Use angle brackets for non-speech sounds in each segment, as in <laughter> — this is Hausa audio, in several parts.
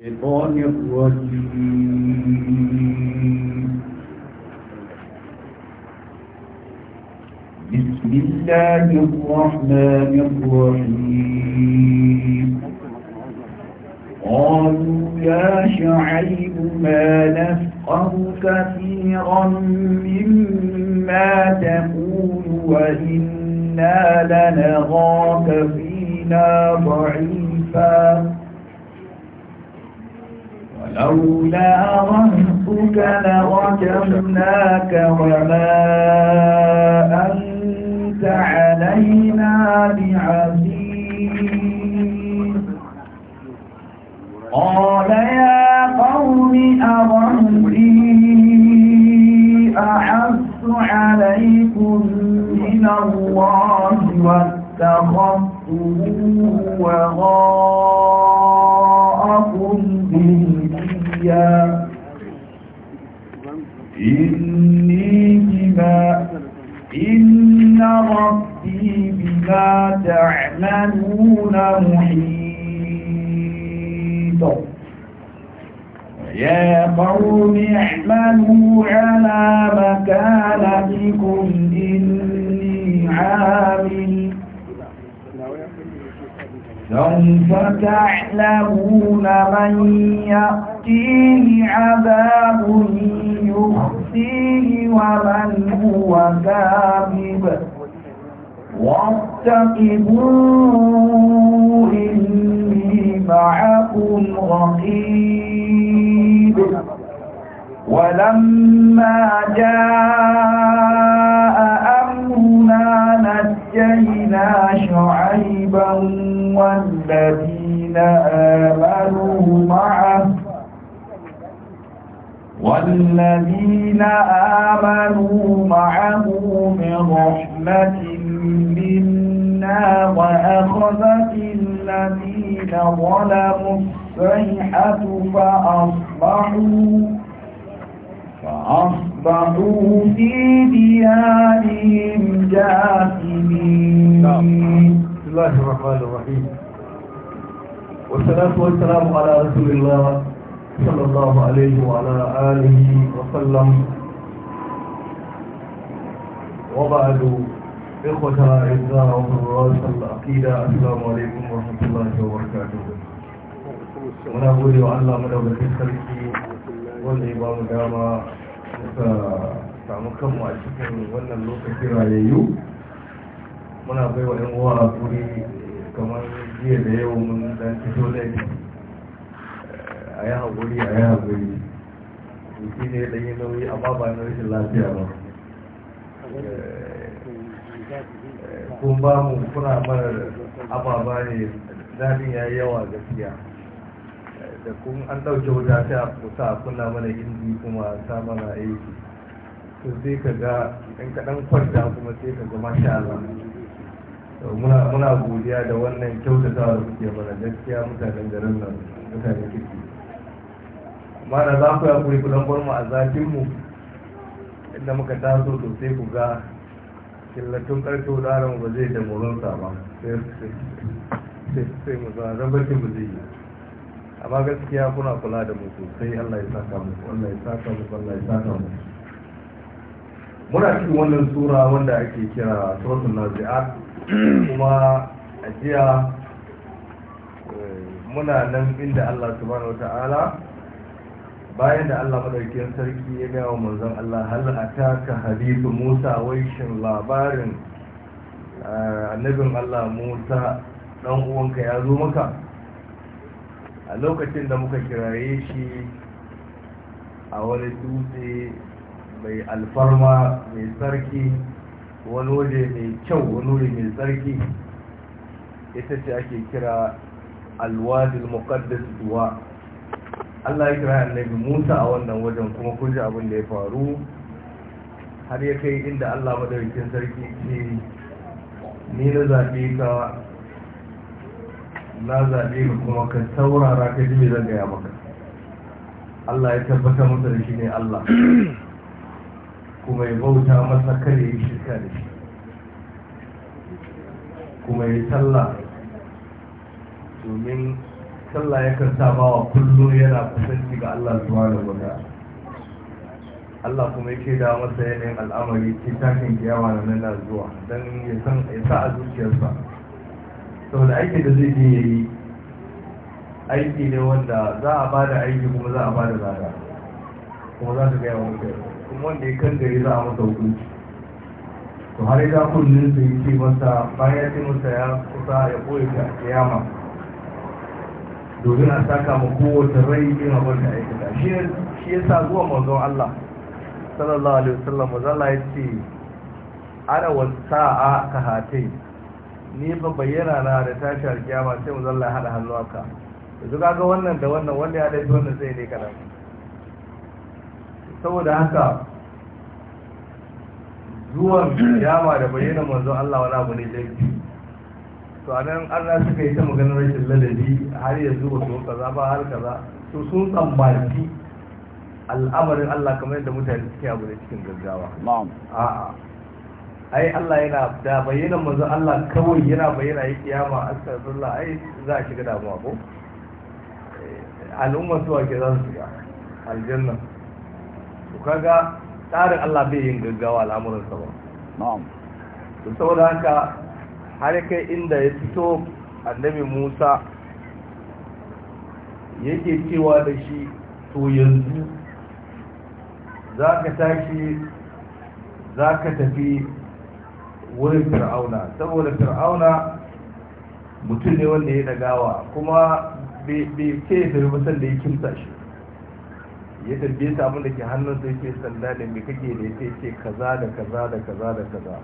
الشيطان الرجيم بسم الله الرحمن الرحيم قالوا يا شعيب ما نفقه كثيرا مما تقول وإنا لنراك فينا ضعيفا لولا رهبك لرجمناك وما أنت علينا بعزيز قال يا قوم أرهبي أحس عليكم من الله واتخذته وغاءكم به يحيى إني بما إن ربي بما تعملون محيط يا قوم احملوا على مكانتكم إني عامل سوف تعلمون من يأمر يأتيه عذاب يخفيه ومن هو كاذب واتقبوا إني معكم رقيب ولما جاء أمرنا نجينا شعيبا والذين آمنوا معه والذين آمنوا معه من رحمة منا وأخذت الذين ظلموا الصيحة فأصبحوا فأصبحوا في ديارهم جاثمين نعم. بسم الله الرحمن الرحيم والصلاة والسلام على رسول الله صلى الله عليه وعلى آله وسلم وبعد إخوة أعزاء وفراس العقيدة muna gode wa Allah madaukakin sarki wanda ya ba mu a cikin wannan lokacin rayayyu muna bai wa 'yan uwa a guri kamar jiya da yau mun fito laifi a yi haƙuri a yi haƙuri jiki ne ɗan yi nauyi a ba na rashin lafiya ba eh, kun ba mu kuna mara ababa ne zamin ya yi yawa gaskiya eh, da kun an ɗauke wuta sai a kusa kuna mana indi kuma ta mana aiki su zai ka ga ɗan kaɗan kwanta kuma sai ka ga masha muna godiya da wannan kyautatawa da kuke mana gaskiya mutanen garin nan mutanen kirki mana za ku yakuri ku dan bar mu a zafin mu inda muka taso to sai ku ga killatun karfe wuraren ba zai da moronsa ba sai mu zama barci mu zai yi amma gaskiya kuna kula da mu sosai allah ya saka mu allah ya saka mu allah ya saka mu muna cikin wannan sura wanda ake kira suratul nazi'at kuma ajiya eh, muna nan inda allah subhanahu wa ta'ala bayan da Allah madaukakin sarki ya gawo manzon Allah hal ataka hadithu Musa wai shin labarin eh, annabin Allah Musa dan uwanka ya zo maka a lokacin da muka kiraye shi a wani dutse mai alfarma mai sarki wani waje mai kyau wani waje mai sarki, ita ce ake kira alwadil muqaddas duwa Allah ya kira annabi Musa a wannan wajen kuma kun ji abin da ya faru har ya kai inda Allah madaukakin sarki ce ni na zabe ka na zabe ka kuma ka saurara ka ji me zan gaya maka Allah ya tabbata masa da shi ne Allah <clears throat> kuma ya bauta masa kare ya shirka da shi kuma ya sallah domin sallah ya karta wa kullu yana kusanci ga Allah subhanahu wa ta'ala Allah kuma yake da masa yanayin al'amari ke takin kiyawa na nan zuwa dan ya san ya sa a zuciyarsa saboda aiki da zai je yayi aiki ne wanda za a bada aiki kuma za a bada zada kuma za ka gaya wa mutane kuma wanda ya kan gari za a masa hukunci to har ya kunnin su yake masa bayan ya ce masa ya kusa ya koyi ta kiyama domin a saka mu kowace rai irin abin da aikata shi ya sa zuwa manzon Allah sallallahu alaihi wasallam mazala ya ce ana a ka hatai ni ba bayyana na da tashi alkiyama sai mazalla ya hada hannu haka yanzu ga wannan da wannan wanda ya dace wannan zai ne kana saboda haka zuwan kiyama da bayyana manzon Allah wani abu ne da to a nan allah suka yi ta maganar rashin ladabi har yanzu ba su kaza ba har kaza to sun tsammaci al'amarin allah kamar yadda mutane suke abu da cikin gaggawa a'a ai allah yana da bayyana manzo allah kawai yana bayyana yi kiyama astagfirullah ai za a shiga damuwa ko eh, al'umma su ke za su shiga aljanna to kaga tsarin allah bai yin gaggawa al'amuransa ba na'am to saboda haka har kai inda ya fito annabi musa yake cewa da shi to yanzu za ka tashi za ka tafi wurin fir'auna saboda fir'auna mutum ne wanda ya dagawa kuma bai ke ya tafi da ya kimta shi ya tambaye samun da ke hannun sai ke sanda da mai kake da ya ce kaza da kaza da kaza da kaza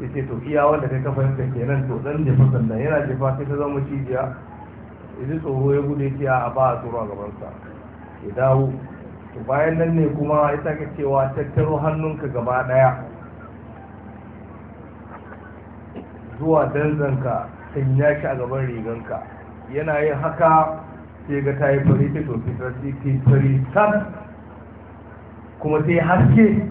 ya ce to iya wanda kai ka fahimta kenan to dan jefa sannan yana jefa sai ta zama cijiya ya ji tsoro ya gude ce a ba a tsoro a gabansa ya dawo to bayan nan ne kuma ya saka cewa tattaro hannunka gaba daya zuwa danzanka sanya shi a gaban riganka yana yin haka sai ga ta yi fari ta to fitar fari kuma sai haske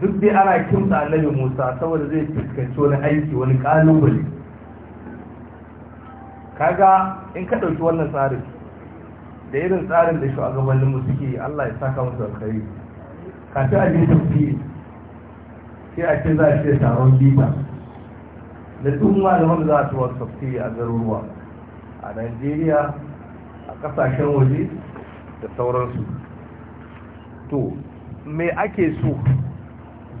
duk dai ana kimsa annabi musa saboda zai fuskanci wani aiki wani kalubale kaga in ka ɗauki wannan tsarin da irin tsarin da shugabannin mu suke allah ya saka musu alkhairi kafin a je tafsiri sai a ce za a ce taron bita da duk malaman za a tuwa tafsiri a garuruwa a najeriya a kasashen waje da sauransu to me ake so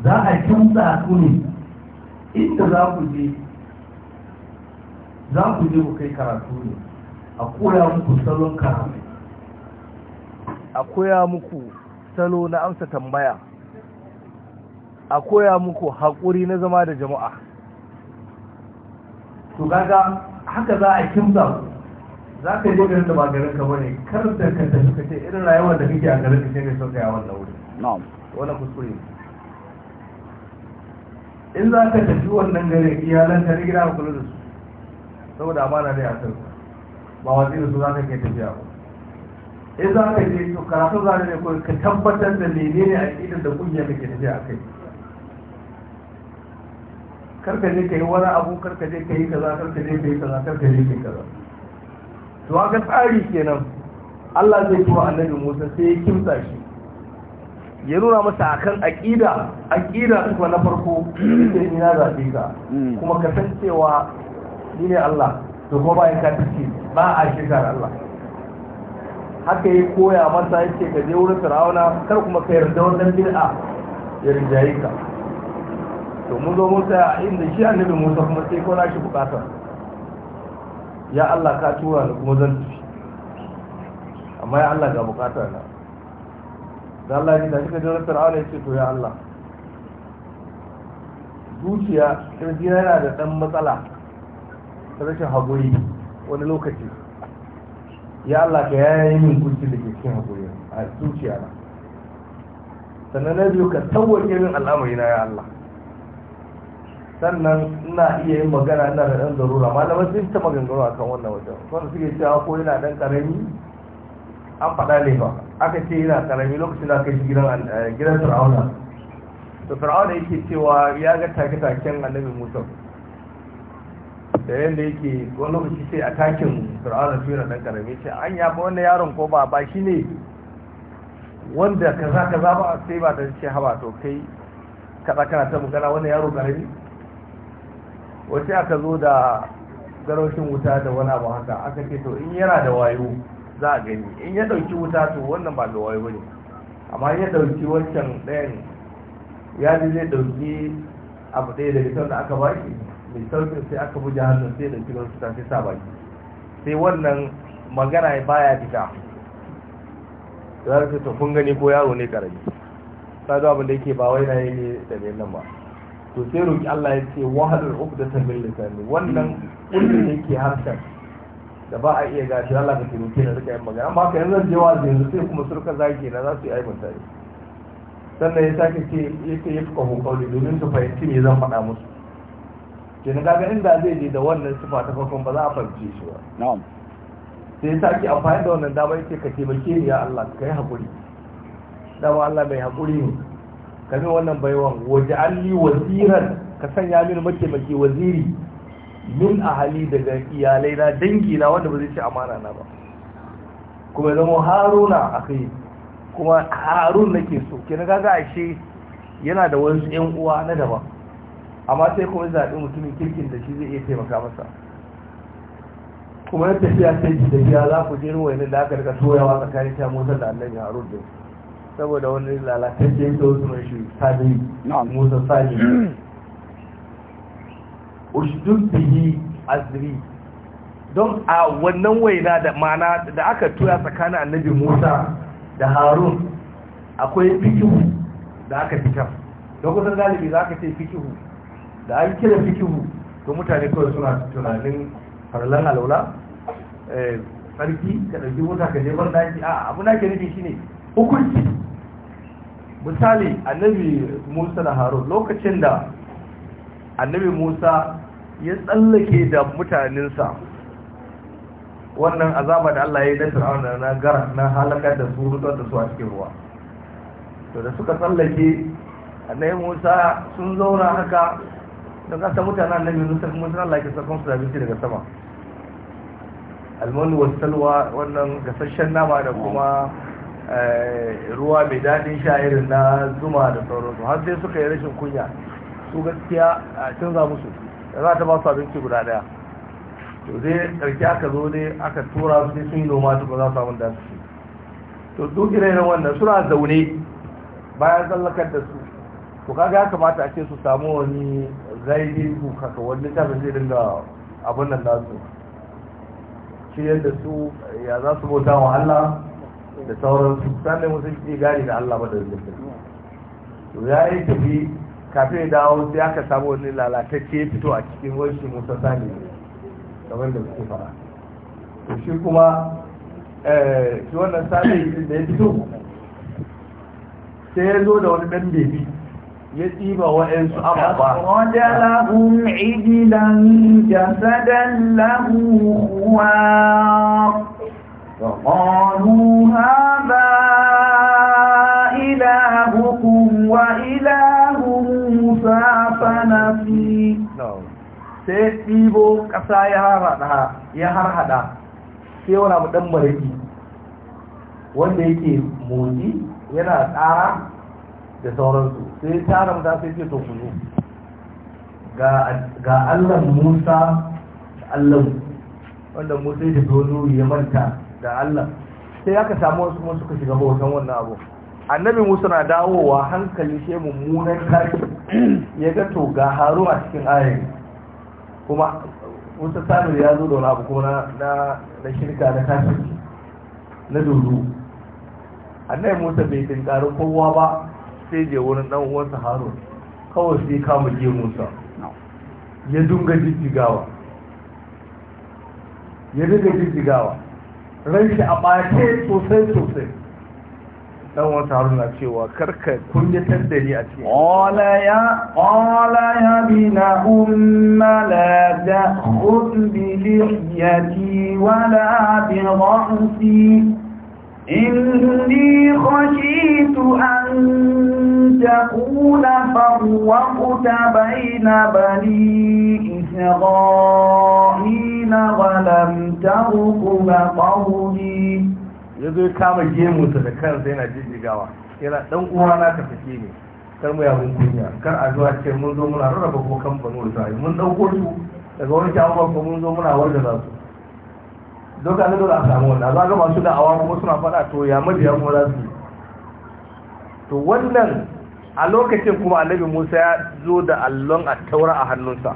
za a canza su ne inda za ku je za ku je ku kai karatu ne a koya muku salon karatu a koya muku salo na amsa tambaya a koya muku haƙuri na zama da jama'a to gaga haka za a kimsa za ka je garin da ba garin ka wane kar da ka tafi ka ce irin rayuwar da kake a garin ka ce ne sauka yawon da wuri wannan kuskure in za ka tafi wannan gare iyalan ta gida a kula da su saboda amana ne a sarka ba wajen da su za ka ke tafiya ba in za ka je to karatu za ne ko ka tabbatar da ne a idan da kungiya da ke tafiya kai karka je ka yi wani abu karka je ka yi kaza karka je ka yi kaza karka je ka yi kaza to haka tsari kenan Allah zai tuwa annabi Musa sai ya kimsa shi ya nuna masa akan aƙida aƙida kuma na farko da ni na zaɓe ka mm. kuma ka san cewa ni ne Allah to kuma bayan ka tafi ba a shekar Allah haka ya koya masa ya ce ka je wurin firawuna kar kuma ka yarda wannan bid'a ya rinjaye ka to mun zo musa a inda shi annabi Musa kuma sai ko na shi bukata ya Allah ka tura ni kuma zan tafi amma ya Allah ga bukata na da Allah ya tafi kajin jirar aure ya ce to ya Allah zuciya kirji yana da ɗan matsala ta rashin haƙuri wani lokaci ya Allah ka yayi min kunci da ke cikin haƙuri a zuciya na sannan na biyu ka tawwace min al'amari na ya Allah sannan ina iya yin magana ina da ɗan zarura da sun ta maganganu a kan wannan wajen wanda suke cewa ko yana ɗan ƙarami an faɗa ne ba aka ce yana karami lokacin da aka shi eh, gidan fir'auna to fir'auna yake cewa ya ga take-taken annabi musa da yadda yake wani lokaci sai a takin fir'auna su yana dan karami ce an ya ba wannan yaron ko ba ba shi ne wanda kaza kaza ba sai ba ta ce haba to kai kaza kana ta magana wannan yaro karami wace aka zo da garoshin wuta da wani abu haka aka ce to in yana da wayo za a gani in ya ɗauki wuta to wannan ba lawai bane amma ya dauki wancan ɗayan ya ji zai dauki abu ɗaya daga can da aka baki mai sauƙin sai aka buja hannun sai da wani suta sai sa baki sai wannan magana ya baya fita za su ta kun gani ko yaro ne karami sadu abin da yake ba wai na yi da ne nan ba to sai roƙi Allah ya ce wahalar uku da tambayin wannan kullum ne ke harshen da ba a iya gashi Allah ka taimake na rika yin magana amma haka yanzu je wa yanzu sai kuma surka zaki na za su yi ai ne sannan ya sake ce ya ce ya fuka hukawli domin su fahimci me zan faɗa musu na gaga inda zai je da wannan sifa ta farkon ba za a fahimce shi ba sai ya sake amfani da wannan damar ce ka taimake ni ya Allah ka yi haƙuri dama Allah mai haƙuri ne ka min wannan baiwan waje an yi waziran ka sanya min mataimaki waziri min ahali daga iyalai na dangi na wanda ba zai ci amana na ba kuma zama haruna a kai kuma harun nake so ke na ashe yana da wasu yan uwa na daba. amma sai kuma zaɓi mutumin kirkin da shi zai iya taimaka masa kuma na tafiya sai ji da biya za ku jerin wani da aka rika soyawa tsakanin ta motar da annabi harun din saboda wani lalatacce ta wasu mai shi sani musa sani ushdul bihi azri don a wannan waina da mana da aka tura tsakanin annabi Musa da Harun akwai fikihu da aka fitar don kusan galibi za ka ce fikihu da an kira fikihu to mutane kawai suna tunanin farlan alaula eh, sarki ka ɗauki wuta ka je bar daki a abu na ke nufi shine hukunci misali annabi musa da harun lokacin da annabi musa ya tsallake da mutanensa wannan azaba da Allah ya yi na fir'auna na gara na halakar da su rutar da su a cikin ruwa to da suka tsallake annabi Musa sun zauna haka don kasa mutanen annabi Musa kuma suna laifin sakon su da abinci daga sama almanu wasu salwa wannan gasasshen nama da kuma eh, ruwa mai daɗin sha irin na zuma da sauransu har sai suka yi rashin kunya su gaskiya a canza musu da za ta ba su abinci guda daya to zai karki aka zo ne aka tura su sun yi noma su ba za su samun da su to duk irin wannan suna zaune bayan tsallakar da su to kaga ya kamata a ce su samu wani zaidin ku kaka wani tafi zai dinga abin nan nasu shi yadda su ya za su bauta wa Allah da sauransu sannan musu ke gari da Allah ba da zai to ya yi tafi kafin ya dawo sai aka samu wani lalatacce fito a cikin wani musa sani kamar da suke fara to shi kuma eh, shi wannan sani da ya fito sai ya zo da wani ɗan bebi ya tsiba wa'yansu ababa wadda lahun idilan jasadan lahu kuwa وقالوا هذا إلهكم وإله kana fi sai ɗibo ƙasa ya harhada ya harhada sai wani abu ɗan mariki wanda yake motsi yana tsara da sauransu sai tara mata sai ce to kuzo ga allan musa da wanda musa ya tafi ya manta da Allah, sai aka samu wasu kuma suka shiga bautan wannan abu annabi musa na dawowa hankali shi mummunan kari ya ga to ga haru a cikin ayin kuma musa samun ya zo da wani abu kuma na shirka na tashi na dodo annabi musa bai tinkari kowa ba sai je wurin dan uwansa harun kawai sai kama je musa ya dunga jijjigawa ya dunga jijjigawa ran shi a ɓace sosai sosai dan wata haruna cewa karka kunyatar da ni a cikin qala ya qala ya bina umma la ta'khud bi lihyati wa la bi ra'si inni khashitu an taqula farwaqta bayna bani isra'ila wa lam tarqu qawli ya zo ya kama gemunsa da kansa yana jijjigawa yana dan uwa na ka sake ne kar mu yawon kunya kar a zuwa ce mun zo muna rarraba ko kan banu sai mun dauko su daga wani kyawun ko mun zo muna wanda za su doka ka dole a samu wannan za ga masu da'awa kuma suna faɗa to ya mabiya kuma za su to wannan a lokacin kuma annabi musa ya zo da allon a taura a hannunsa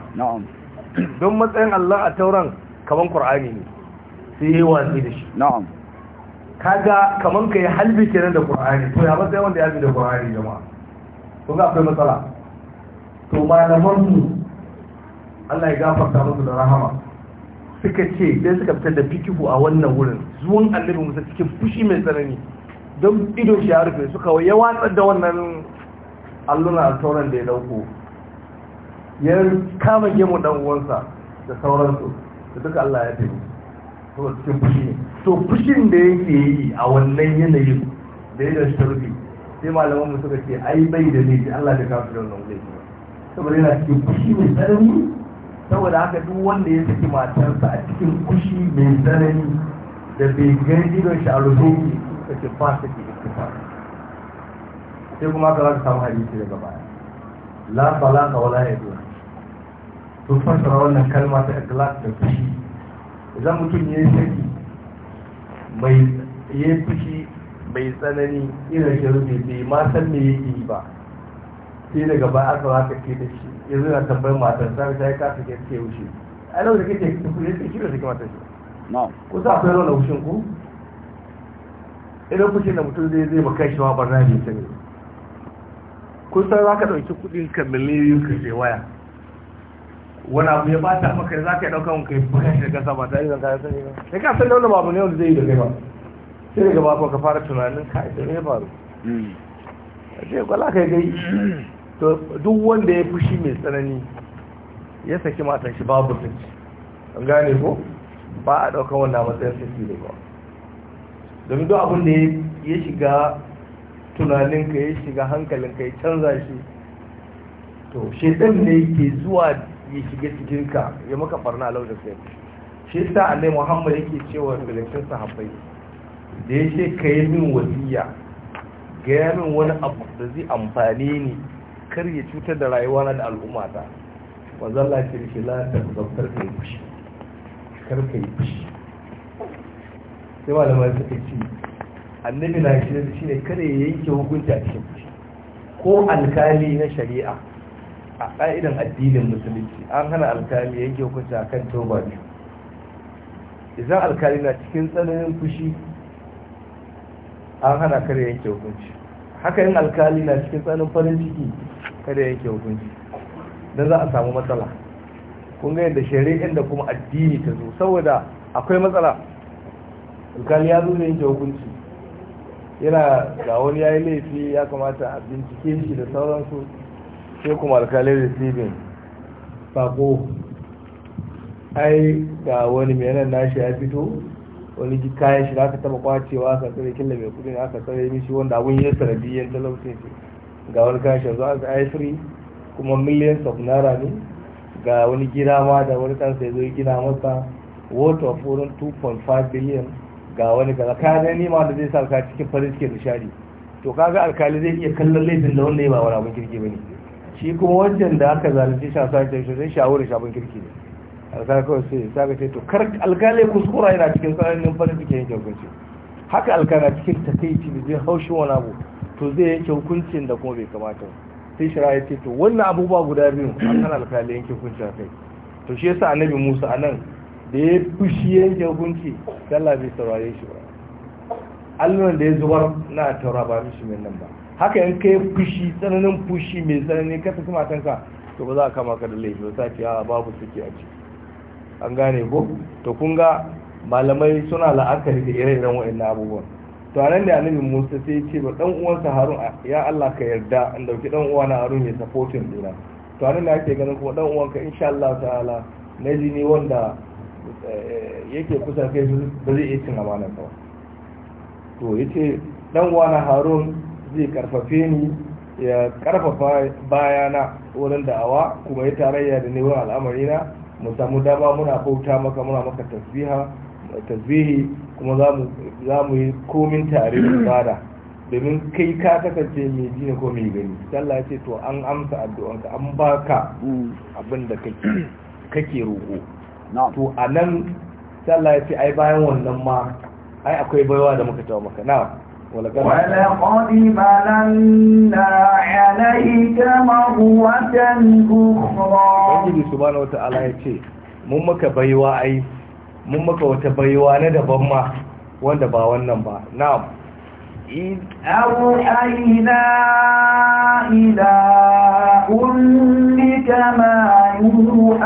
don matsayin allon a tauran kaman qur'ani ne sai yi watsi da shi na'am kaga kaman ka yi halbi kenan da ƙur'ani, to ya sai wanda ya bi da qur'ani jama'a to ga akwai matsala to malaman mu Allah ya gafarta musu da rahama suka ce sai suka fitar da fikihu a wannan wurin zuwan annabi musa cikin fushi mai tsanani don ido shi ya rufe suka ya watsar da wannan alluna sauran da ya dauko ya kama gemu dan uwansa da sauransu da duka Allah ya taimaka saboda cikin fushi ne to fushin da yake yi a wannan yanayin da ya da sharfi sai malaman mu suka ce ai bai da laifi Allah da kafin da wannan laifi saboda yana cikin fushi mai tsanani saboda haka duk wanda ya saki matarsa a cikin fushi mai tsanani da bai gani idon shi a rufe ka ce ba su ke ikkifa sai kuma ka zaka samu hadisi daga baya la ka wala ya zuwa to fasara wannan kalma ta ikhlas da fushi idan mutum ya yi saki mai ya fushi mai tsanani irin shirme bai ma san me yake yi ba sai daga ba aka haka ke da shi yanzu na tambayar matar sa ta yi kasa ke ke wuce a lau da ke ke kuku ya ce shi da shi kamata shi ku sa akwai rana wushin ku idan fushin da mutum zai zai baka shi ma barna ne ta ne kun san za ka ɗauki kuɗin ka miliyoyin ka je waya wani abu ya bata maka za ka yi ɗauka mun kai baka shi kasa ba tare da kayan sani ba sai ka san wannan babu ne wanda zai yi da kai ba sai daga bako ka fara tunanin ka da me faru mm. a ce kwala kai gai to duk wanda ya fushi mai tsanani ya saki matan shi babu tunci an gane ko ba a ɗauka wannan matsayin saki ne ba domin duk abin da ya shiga tunaninka ya shiga hankalinka ya canza shi to shaidan ne ke zuwa yi shiga cikinka ya maka barna a da sai shi sa annai muhammad yake cewa dalilin sahabbai da ya ce ka yi min wasiya ga ya min wani abu da zai amfani ni kar ya cutar da rayuwa na da al'ummata wanzan lafiyar shi lafiyar zaftar ka yi fushi kar ka yi fushi sai ma suka ce annabi na shi ne kada ya yanke hukunci a cikin fushi ko alkali na shari'a a ƙa'idan addinin musulunci an hana alkali yanke hukunci a kan toba biyu idan alkali na cikin tsananin fushi an hana kare yanke hukunci haka yin alkali na cikin tsananin farin ciki kare yanke hukunci don za a samu matsala kun ga yadda shari'in da kuma addini ta zo saboda akwai matsala alkali ya zo da yanke hukunci yana ga wani ya yi laifi ya kamata a bincike shi da sauransu sai kuma alkalin receiving sako ai ga wani mai nan nashi ya fito wani kayan shi da aka taba kwacewa aka tsare killa mai kudin aka tsare mishi wanda abun ya sanadiyyar talaucin shi ga wani kayan shi zuwa ga i3 kuma millions of naira ne ga wani gina ma da wani kansa ya zo gina masa worth of wurin 2.5 billion ga wani kaza kayan ma da zai sa alkali cikin farin cikin nishadi to kaga alkali zai iya kallon laifin da wanda ya ba wani abun kirki ba ne shi kuma wajen da aka zalunci shi a sake shi zai shawara shabin kirki ne alkali kawai sai saka ce to kar alkali kuskura yana cikin tsarin nan farin cikin yanke hukunci haka alkali cikin takaici da zai haushi wani abu to zai yanke hukuncin da kuma bai kamata sai shira ya ce to wannan abubuwa guda biyu a kan alkali yanke hukunci a kai to shi yasa annabi musa a nan da ya fushi yanke hukunci sallah bai saurare shi ba alluran da ya zubar na taura ba mishi mai nan ba haka in kai fushi tsananin fushi mai tsanani kuma saki matanka to ba za a kama ka da laifin ba a babu suke a ce an gane ko to kun ga malamai suna la'akari da ire-iren wa'annan abubuwan to anan da annabi Musa sai ya ce ba dan uwansa Harun ya Allah ka yarda an dauki dan uwana Harun ya supporting dina to anan da ake ganin kuma dan uwanka insha Allah ta'ala na jini wanda eh, yake kusa kai ba zai iya cin amanar ba to yace dan uwana Harun zai karfafe ni ya karfafa bayana wurin da'awa kuma ya tarayya da ne wurin al'amarina mu samu dama muna bauta maka muna maka tasbiha tasbihi kuma za mu yi komin tare da bada domin kai ka kasance mai ji ko mai gani sallah ce to an amsa addu'anka an baka abin da kake roƙo to a nan sallah ce ai bayan wannan ma ai akwai baiwa da muka tawa maka na Wale-wale, banan da halaye, kama wajen ɗan uko. Har jini su bani wata baiwa na da bamma, wanda ba wannan ba. Na yi daɗi idan hunduka mai haɗu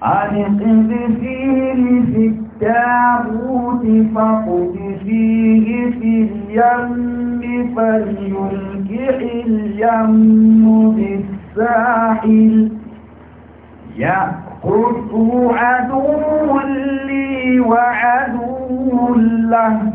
a cikin jirgin ruwa. التابوت فقد فيه في اليم فليلقح اليم بالساحل يأخذه عدو لي وعدو له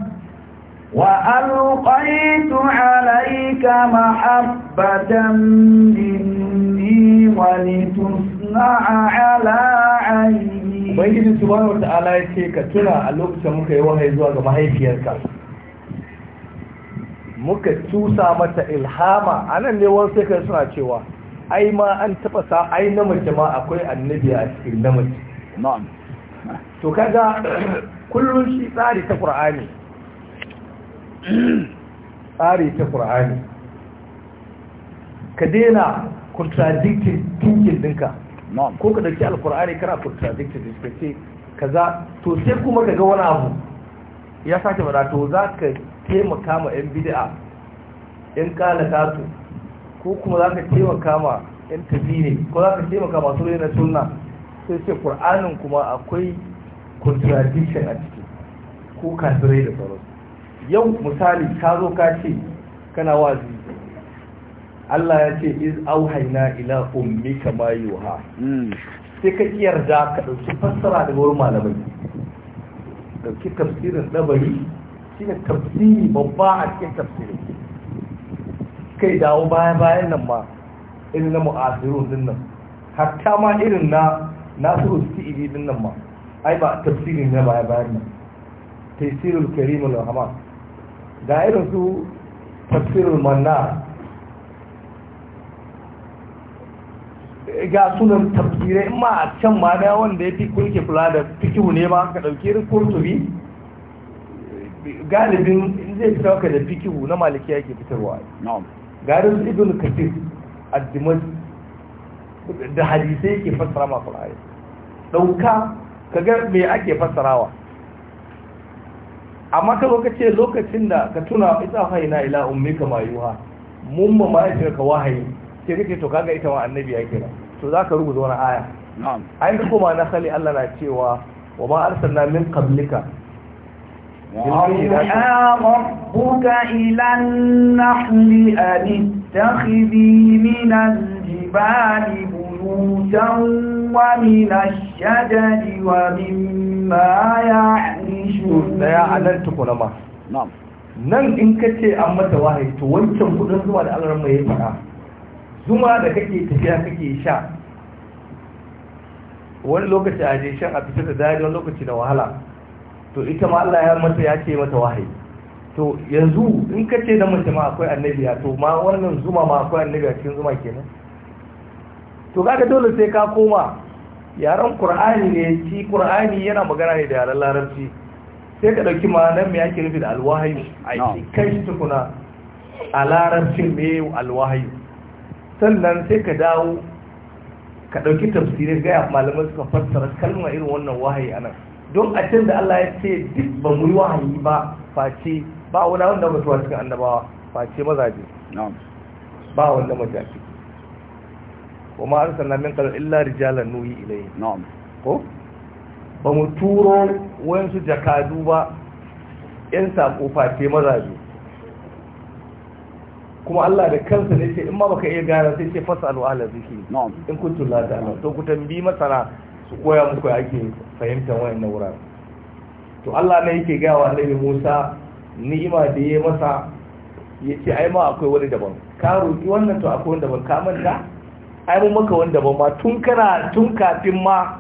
وألقيت عليك محبة مني ولتصنع على عيني ubangiji subhanahu wata'ala ya ce ka tuna a lokacin muka yi wahayi zuwa ga mahaifiyarka muka cusa mata ilhama A nan ne sai kai suna cewa ai ma an taba sa ai mace ma akwai annabi a cikin namiji mace to kaga kullum shi tsari ta qur'ani tsari ta qur'ani ka daina contradicting thinking dinka ko ka dauki alkur'ani kana contradicted ka ce kaza to sai kuma ka ga wani abu ya sake bada to za ka taimaka ma yan bid'a yan kala kato ko kuma za ka taimaka ma yan tabiri ko za ka taimaka masu rai na sunna sai ce qur'anin kuma akwai contradiction a ciki ko kafirai da sauransu yau misali ka zo ka ce kana wazi Allah ya ce iz auhayna ila ummika ma yuha hmm. sai ka yarda ka dauki fassara daga wurin malamai dauki tafsirin dabari shine tafsiri babba a cikin tafsiri kai dawo baya bayan nan ma irin na mu'asiru din nan hatta ma irin na nasiru su'idi din nan ma ai ba tafsirin na baya bayan nan tafsirul karimul rahman ga irin su tafsirul manna. ga sunan tafsirai in ma a can ma da wanda ya fi kunke kula da fikihu ne ma ka ɗauki kurtubi galibin zai fita sauka da fikihu na maliki yake fitarwa garin ibn kafir addimas da hadisai yake fassara ma ayi ɗauka ka ga me ake fassarawa amma ka lokaci lokacin da ka tuna ita haina ila ummi kama mayuwa mun ma ma ka wahayi sai kake to kaga ita ma annabi ya kira to za ka rubuta wani aya a yin kuma na sali Allah na cewa wa ma arsalna min qablika وأوحى ربك إلى النحل أن nan in ka ce an mata wahayi to wancan kudin zuwa da Allah mai ya faɗa zuma da kake tafiya kake sha wani lokaci a je shan a fitar da dadi wani lokaci da wahala to ita ma Allah ya mata ya ce mata wahayi to yanzu in ka ce da mace ma akwai annabi a to ma wannan zuma ma akwai annabi a cikin zuma kenan to kaga dole sai ka koma yaran qur'ani ne shi qur'ani yana magana ne da yaran larabci sai ka dauki nan me yake nufi da alwahayi a cikin tukuna a larabcin me alwahayi sannan sai ka dawo ka ɗauki tafsirin gaya malamai suka fassara kalma irin wannan wahayi anan don a can da Allah ya ce duk ba mu yi wahayi ba face ba wani wanda mutuwa cikin annabawa face maza ce ba wanda ko kuma an sanna min kalar illa rijalan nuhi ilai ko ba mu turo wayansu jakadu ba yan sako face maza ce kuma Allah da kansa ne ce in ma baka iya gane sai ce fasa ahla zikri in kuntum la ala to kutan bi masana su koya muku ake fahimtar na wurare to Allah ne yake gawa wa Annabi Musa ni'ima da ya masa yace ai ma akwai wani daban ka roki wannan to akwai wani daban ka manta ai mun maka wani daban ma tun kana tun kafin ma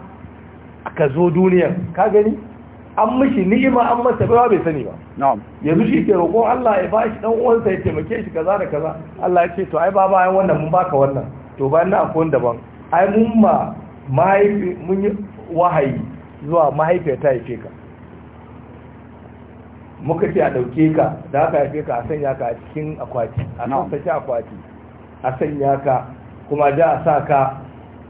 ka zo duniyar ka gani an mishi ni'ima an masa bai bai sani ba yanzu shi ke roƙo Allah ya ba shi dan uwansa ya taimake shi kaza da kaza Allah ya ce to ai baba ai wannan mun baka wannan to bayan na akwai daban ai mun ma mahaifi mun yi wahayi zuwa mahaifi ta haife ka muka ce a ɗauke ka da aka haife ka a sanya ka a cikin akwati a sassace akwati a sanya ka kuma da a sa ka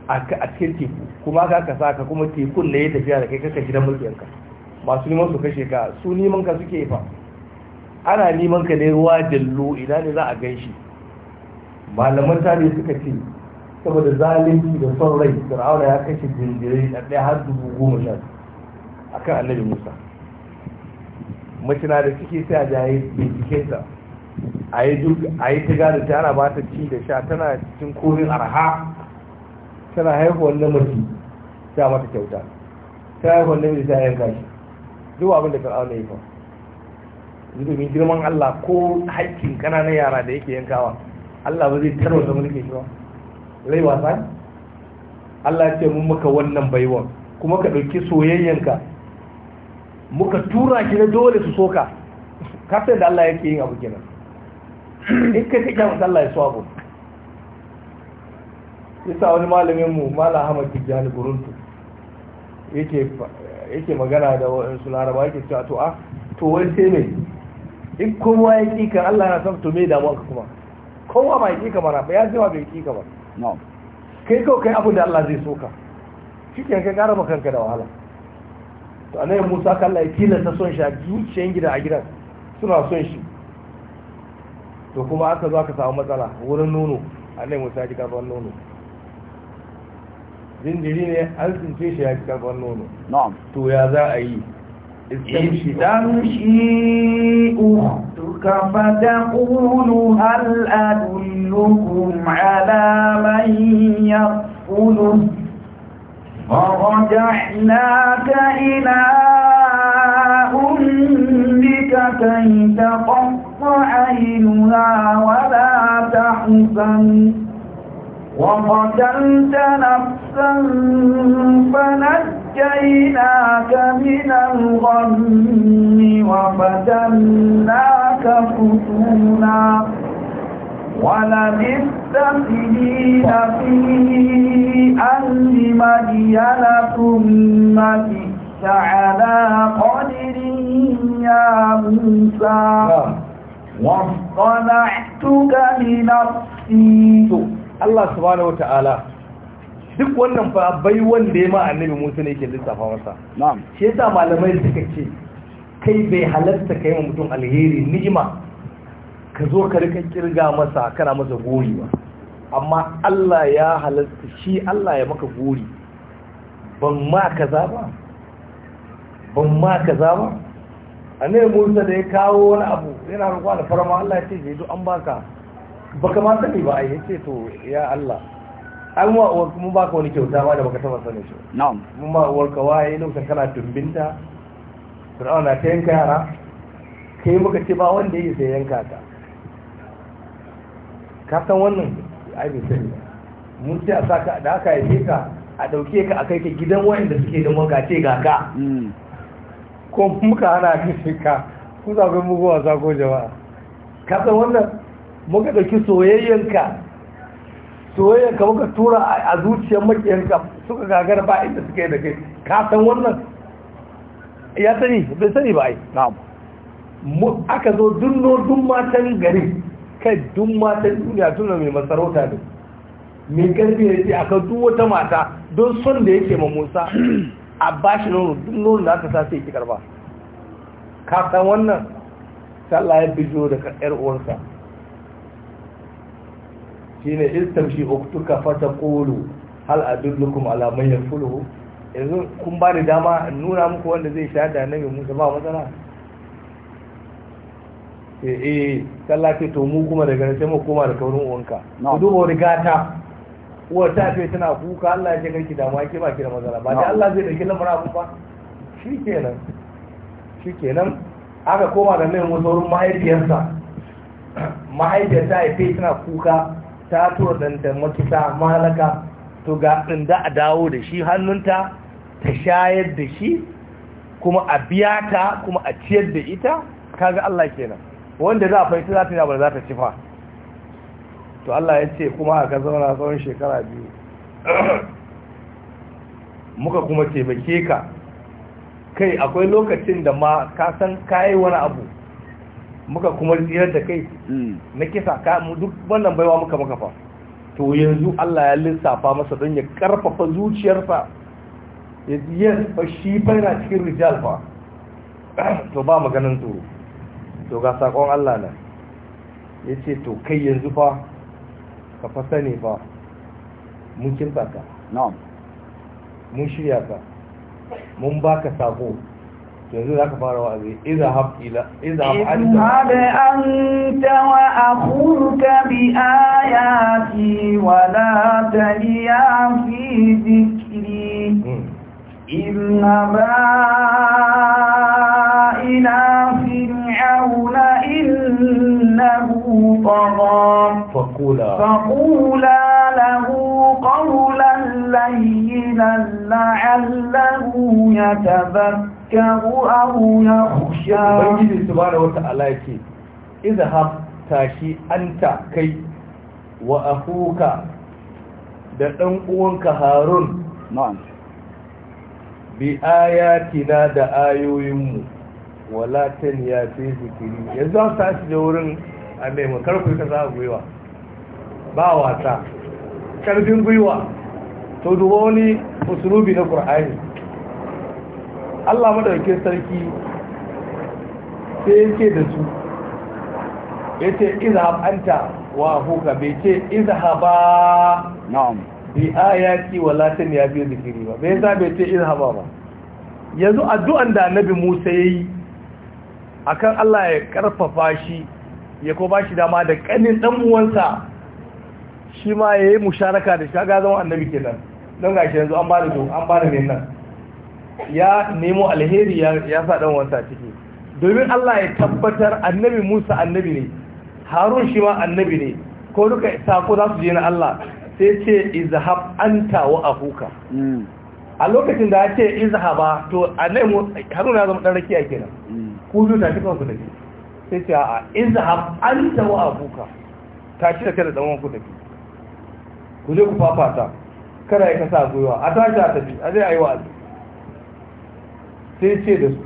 a cikin teku kuma ka ka sa ka kuma tekun ne ya tafiya da kai kaka gidan ka. masu neman su kashe ka su neman ka suke fa ana neman ka ne ruwa jallo idan ne za a gan shi malaman tarihi suka ce saboda zalunci da son rai fir'auna ya kashe jinjirai da ɗaya har dubu goma sha a kan annabi musa Macina da suke sai a jaye yi ta a yi ta gada ta yana ba ta ci da sha tana cikin korin arha tana haihuwar namiji ta mata kyauta ta haihuwar namiji ta yanka shi duk abin da fir'auna ya kawo domin girman Allah ko haƙƙin ƙananan yara da yake yankawa Allah ba zai da mulkin shi ba lai wasa Allah ce mun muka wannan baiwan kuma ka ɗauki soyayyanka muka tura shi na dole su soka kafin da Allah yake yin abu kenan in ka kake kyamata Allah ya so abu yasa wani malamin mu malam Ahmad Tijjani Buruntu yake magana da waɗansu laraba yake cewa to a ah, to wai sai mai in kowa ya ƙi ka Allah na san to me damuwa ka kuma kowa ba ya ƙi ka ba ya ya ba bai ƙi ka ba kai kawai kai abin da Allah zai so ka shi ke kai ƙara kanka da wahala to anayin musa ka Allah ya tilasta son shi a zuciyan gida a gidan suna son shi to kuma aka zo aka samu matsala wurin nono anayin musa ya ji karɓar nono jinjiri ne an tsince shi ya fi karfan nono to ya za a yi istamshi eh, uhtuka fataqulu hal adullukum ala man na فرجعناك إلى أمك كي تقط عينها ولا تحزن وقتلت نفسا فنجيناك من الغم وفتناك فتونا ولبثت سنين في أهل مدين ثم جئت على قدر يا موسى واصطنعتك لنفسي الله سبحانه وتعالى duk wannan fa bai wanda ya ma annabi Musa ne yake lissafa masa na'am shi yasa malamai suka ce kai bai halarta kai ma mutum alheri ni'ima ka zo ka rika kirga masa kana masa gori ba amma Allah ya halarta shi Allah ya maka gori ban ma kaza ba ban ma kaza ba annabi Musa da ya kawo wani abu yana roƙo da farma Allah ya ce je duk an baka baka ma sani ba ai yace to ya Allah an ma uwar mun baka wani kyauta ma da baka taba sani shi na'am mun ma ka waye lokacin kana tumbinta fir'auna ta yanka yara kai muka ce ba wanda yake sai yanka ka ka san wannan ai bai sani mun ce a saka da aka yi ka a dauke ka a kai ka gidan wayanda suke da maka ce ga ka mm. ko muka hana ka shi ka ku za ku mugu a ko jama'a ka san wannan muka dauki ka soyayya ka muka tura a zuciyar makiyarka suka gagara ba inda suka yi da kai ka san wannan ya sani bai sani ba ai na'am aka zo dunno dun matan gari kai dun matan duniya tuna mai masarauta ne mai karfi ne ce aka duk wata mata don son da yake ma Musa <clears throat> a bashi nono duk nono da aka sa sai ki karba ka san wannan sallah ya bijo da ƴar uwarsa shine istamshi uktuka fata qulu hal adullukum ala man yafulu yanzu kun ba da dama nuna muku wanda zai shahada da annabi Musa ba matsala eh eh kalla ce to mu kuma daga sai mu koma da kaurin uwanka ku duba wani gata uwar ta fe tana kuka Allah ya kai ki da ma ki ba ki da matsala ba dai Allah zai dauki lamarin abu ba shikenan shikenan aka koma da mai musa wurin mahaifiyarsa mahaifiyarta ita tana kuka ta todanta makisa malaka to ga ɗin da a dawo da shi hannunta ta shayar da shi kuma a biya ta kuma a ciyar da ita kaga Allah kenan wanda za a faita za ta yi abu za ta cifa to Allah ya ce kuma a ka zauna tsawon shekara biyu <coughs> muka kuma taimake ka kai akwai lokacin da ma ka san kayi wani abu muka kuma tsirar da kai hmm. na kisa ka duk wannan baiwa muka maka fa to yanzu Allah ya lissafa masa don ya karfafa zuciyarsa ya ziyar fa shi fa cikin rijal fa <clears throat> to ba maganin tsoro to ga sakon Allah nan ce to kai yanzu fa ka fasa sani fa mun kinsa ka mun shirya ka mun baka sako تزيد أكبر وأبي اذهب إلى اذهب اذهب أنت وأخوك بآياتي ولا تليا في ذكري إنما إلى فرعون إنه طغى فقولا فقولا له قولا لينا لعله يتذكر wata يخشى ويجد سبحانه وتعالى يكي اذهب تاشي أنت كي وأخوك da ɗan'uwanka uwanka harun bi ayatina da ayoyinmu walatan ya fi zikiri yanzu an tashi da wurin a maimakon karfi ka za a gwiwa ba wata karfin gwiwa to duba wani usulubi na ƙur'ani allah madauke sarki sai yake da su ya ce iza anta wa huka bai ce izhaba na'am bi ayati wa latin ya biyu zikiri ba bai za bai ce haba ba yanzu addu'an da annabi Musa ya yi, a kan Allah ya karfafa shi ya ko ba shi dama da kanin dan uwansa shi ma ya yi musharaka da shi ga zama annabi kenan don ga shi yanzu an bada to an bada min nan ya nemo alheri ya sa dan wansa ciki domin Allah ya tabbatar annabi Musa annabi ne Harun shi ma annabi ne ko duka sako za su je na Allah sai ce izhab anta wa ahuka hmm. a lokacin da ya ce izhaba to annabi Harun ya zama dan rakiya kenan hmm. ku biyu ta cikin ku da sai ce a izhab anta wa ahuka tashi da kada dan wanku ke. ku je ku fafata kada ya kasa gwiwa a tashi a tafi a zai a yi wa'azi sai ce da su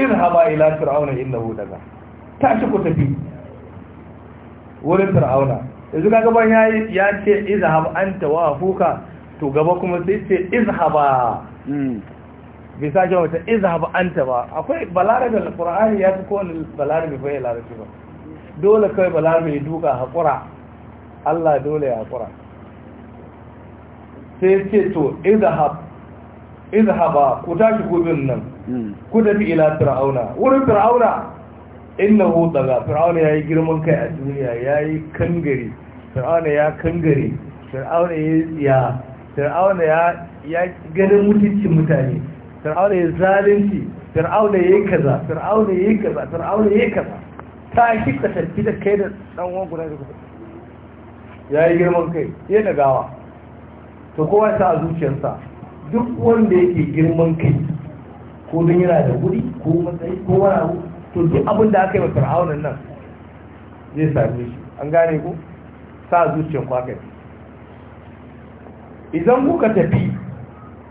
in hama ila fir'auna hu daga tashi ku tafi wurin fir'auna yanzu ka gaban yi ya ce an ta wa fuka to gaba kuma sai ce izhaba hmm. bai sake wata an ta ba akwai da alqur'ani ya fi kowane balarabe bai shi ba dole kawai kai mai duka haƙura. Allah dole ya haƙura. sai ce to izhaba ku tashi gobin nan hmm. ku tafi ila fir'auna wurin fir'auna innahu daga fir'auna yayi girman kai a duniya yayi kangare fir'auna ya kangare fir'auna ya tsiya fir'auna ya ya ganin mutuncin mutane fir'auna ya zalunci fir'auna yayi kaza fir'auna yayi kaza fir'auna yayi kaza ta shi ka tafi da kai da dan uwan guda da ya yi girman kai ya dagawa to kowa ta a zuciyarsa duk wanda yake girman kai ko don yana da guri ko matsayi ko wani abu to duk abin da aka yi wa ra'aunan nan zai sami shi an gane ku sa a zuciyar kwakai idan kuka tafi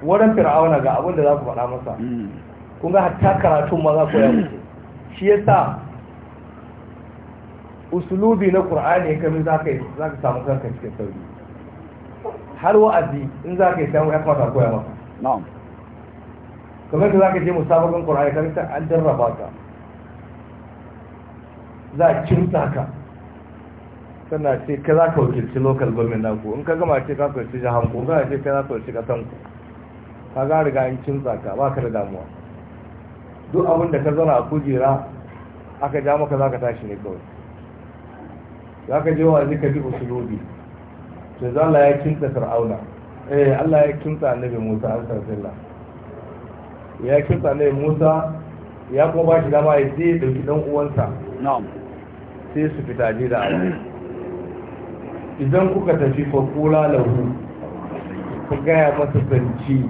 wurin fir'auna ga abin da za ku faɗa masa kun ga hatta karatun ma za ku yi shi ya sa usulubi na ƙur'ani ya kami za ka samu kanka cikin sauri har wa'azi in za ka yi samu ya kamata koya maka na'am kamar da za ka je musabakan ƙwararri ya ta an jarraba ka za a kimsa ka sannan ce ka za ka wakilci local government ku in ka gama ce ka wakilci jihar ku za ce ka za ka wakilci kasan ku ka ga riga in kimsa ka ba ka da damuwa duk abin da ka zauna a kujera aka ja maka za ka tashi ne kawai za ka je wa ka bi usulobi to za Allah ya kinta fir'auna eh Allah ya kinta annabi Musa an sarfilla ya kinta annabi Musa ya kuma ba shi dama ya je dauki dan uwansa na'am sai su fita ji da Allah idan kuka tafi ko kula lahu ku gaya masa zanci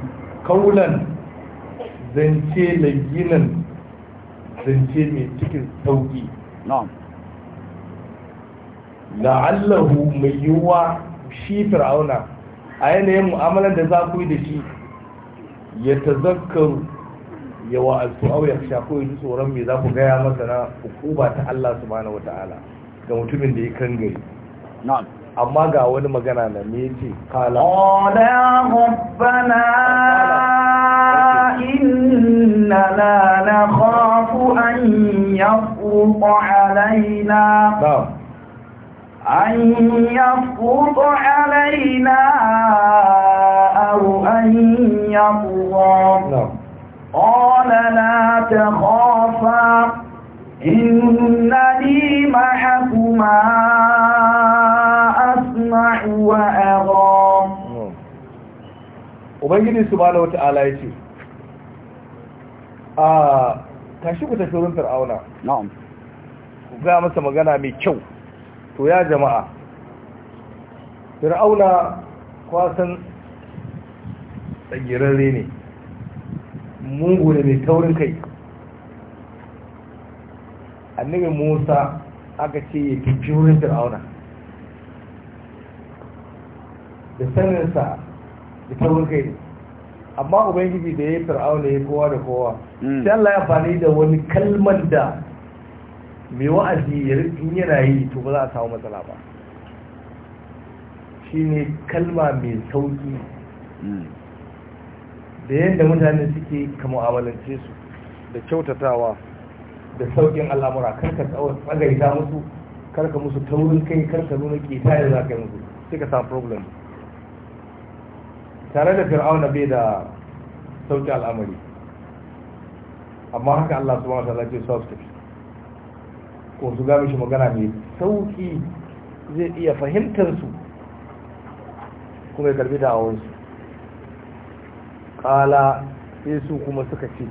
kaulan zance laginan zance mai cikin sauki na'am la'allahu mai yiwuwa shi fir'auna a yanayin mu'amalar da za ku yi da shi ya tazakkaru ya wa'azu au ya shako yi tsoron mai za ku gaya masa na hukuba ta Allah subhanahu wata'ala ga mutumin da ya kan gari. amma ga wani magana na me yace kala qala rabbana inna la nakhafu an yafruqa alaina أن يفرط علينا أو أن يطغى قال لا تخافا إنني معكما أسمع Ubangiji subhanahu wata'ala ya ce, "A, tashi ku tafi wurin fir'auna, ku ga masa magana mai kyau, to ya jama'a fir'auna kwasan tsagirarre ne mungu da mai taurin kai annabi musa aka ce ya fi wurin fir'auna da saninsa da taurin kai ne amma ubangiji da ya yi fir'auna ya kowa da kowa hmm. sai Allah ya fani da wani kalmar da mai wa'azi in yana yi to ba za a samu matsala ba shi ne kalma mai sauki hmm. da yadda mutane suke kama mu'amalance su da kyautatawa da saukin al'amura karka tsagaita musu karka musu taurin kai karka nuna ke tayar za ka yi musu suka samu problem tare da fir'auna bai da sauki al'amari amma haka Allah su ma ta ce su ko su ga mishi magana mai sauki zai iya fahimtar su kuma ya karbi da awon su kala sai su kuma suka ce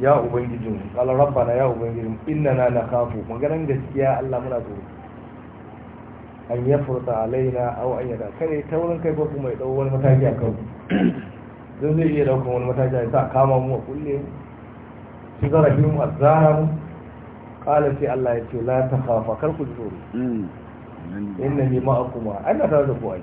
ya ubangijin kala na ya ubangijin inna na na kafu maganan gaskiya Allah muna tsoro an yi furta alaina au an yada kare ta wurin kai ko kuma ya dau wani mataki a kan don zai iya daukan wani mataki a sa kama mu a kulle shi zarafin mu kala sai Allah ya ce la ta khafa kar ku ji tsoro mm. inna ni ma'akuma ai na tare da ku ai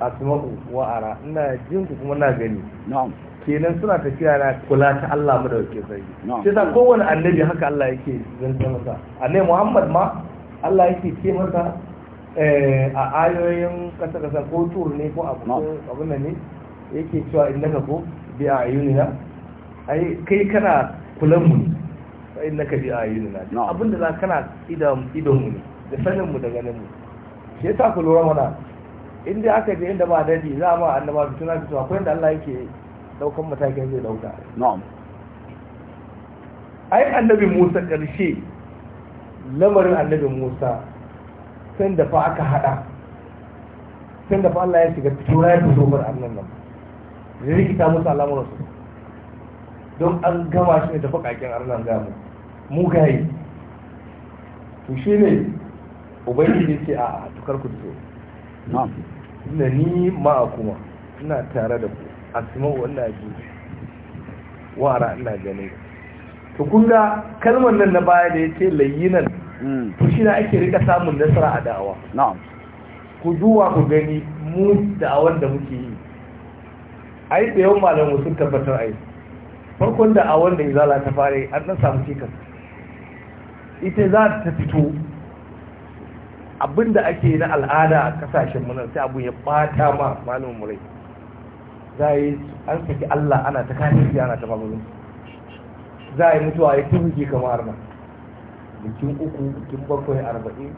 asma'u wa ara ina jin ku kuma na gani na'am kenan suna tafiya na kula ta Allah mu da wake sai shi da kowanne annabi haka Allah yake zanta masa annabi Muhammad ma Allah yake ce masa eh, a ayoyin kasa kasa ko tur ne ko abu abin ne yake cewa daga ko bi ayunina ai kai kana kulan mu fa na. bi ayyuna abinda za kana idan idan mu da sanin mu da ganin mu shi yasa ku lura mana in aka je inda ba dadi za mu annaba fituna cewa akwai inda Allah yake daukan matakin zai dauka na'am ai annabi Musa karshe lamarin annabi Musa san da fa aka hada san da fa Allah ya shiga tura ya fito bar annan nan rikita musu al'amuransu don an gama shi ne da bakakin arnan gamu mugaye to shi ne ubangiji ce a tukar ku so na ni ma'a kuma ina tare da ku a simau wanda ji wara ina ganin to kun ga kalmar nan na baya da ya ce layinan mm. to shi na ake rika samun nasara a da'awa ku duwa ku gani mu da'awar da muke yi a yi tsayon malamu sun tabbatar a yi farkon da a wanda zala ta fare an ɗan samu cikas ita za ta fito abinda ake na al'ada a kasashen munar sai abu ya bata ma malamin murai za yi an saki allah ana ta kafin ana ta mamalin za a yi mutuwa ya tuhuki kamar ma bikin uku bikin bakwai arba'in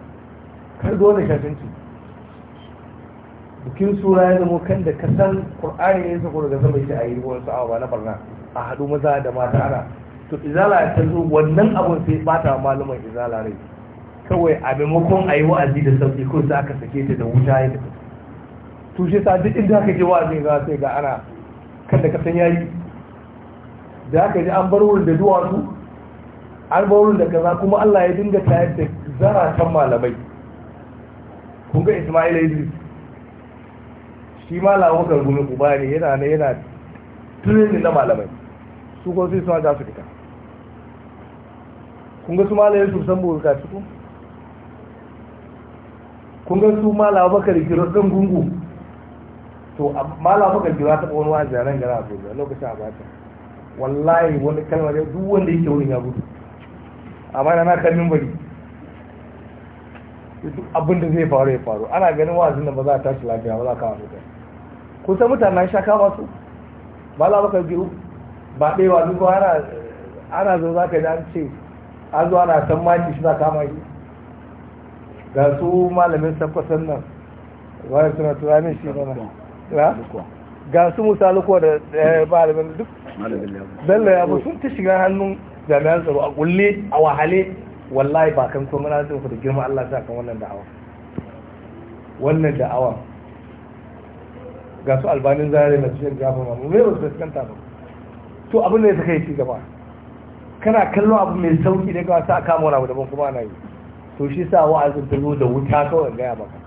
kar dole shafinci bikin sura ya zama kan da kasan ƙur'ani ya sako da zama shi a yi ruwan sa'awa ba na barna a haɗu maza da mata ana to izala ya zo wannan abun sai bata malaman izala rai kawai a maimakon a yi wa'azi da sauƙi ko sai aka sake ta da wuta ya tafi to shi sa duk inda aka je wa'azi za sai ga ana kan da san yayi da aka ji an bar wurin da duwatsu an bar wurin da kaza kuma Allah ya dinga tayar da zaratan malamai kun ga Ismail Idris shi malamin kan gumi ku ne yana ne yana tunin na malamai su ko sai suna za su fita kun ga su malaye su san burka su kun ga su malawa bakar kira ɗan gungu to malawa bakar kira ta wani wani zaren gara abuja lokacin bata wallahi wani kalmar duk wanda yake wurin ya gudu amma na na kalmin bari duk abin da zai faru ya faru ana ganin wa da ba za a tashi lafiya ba za a su mutane kusan mutanen shaka masu malawa bakar kiro ba ɗaya ba duk ana ana zo za ka ji an ce an zo ana san maki shi za ma yi ga su malamin sakwasan nan wani suna turamin min shi mana ga su misali kuwa da malamin duk bello ya bu sun ta shiga hannun jami'an tsaro a kulle a wahale wallahi ba kan kuma na zai da girma Allah sa kan wannan da'awa wannan da'awa ga su albanin zare na cikin gafa mamu mai wasu fuskanta ba to abin da ya saka yake gaba kana kallon abu mai sauki da kawai sa kama wani abu daban kuma ana yi to shi sa wa'azin ta zo da wuta kawai gaya maka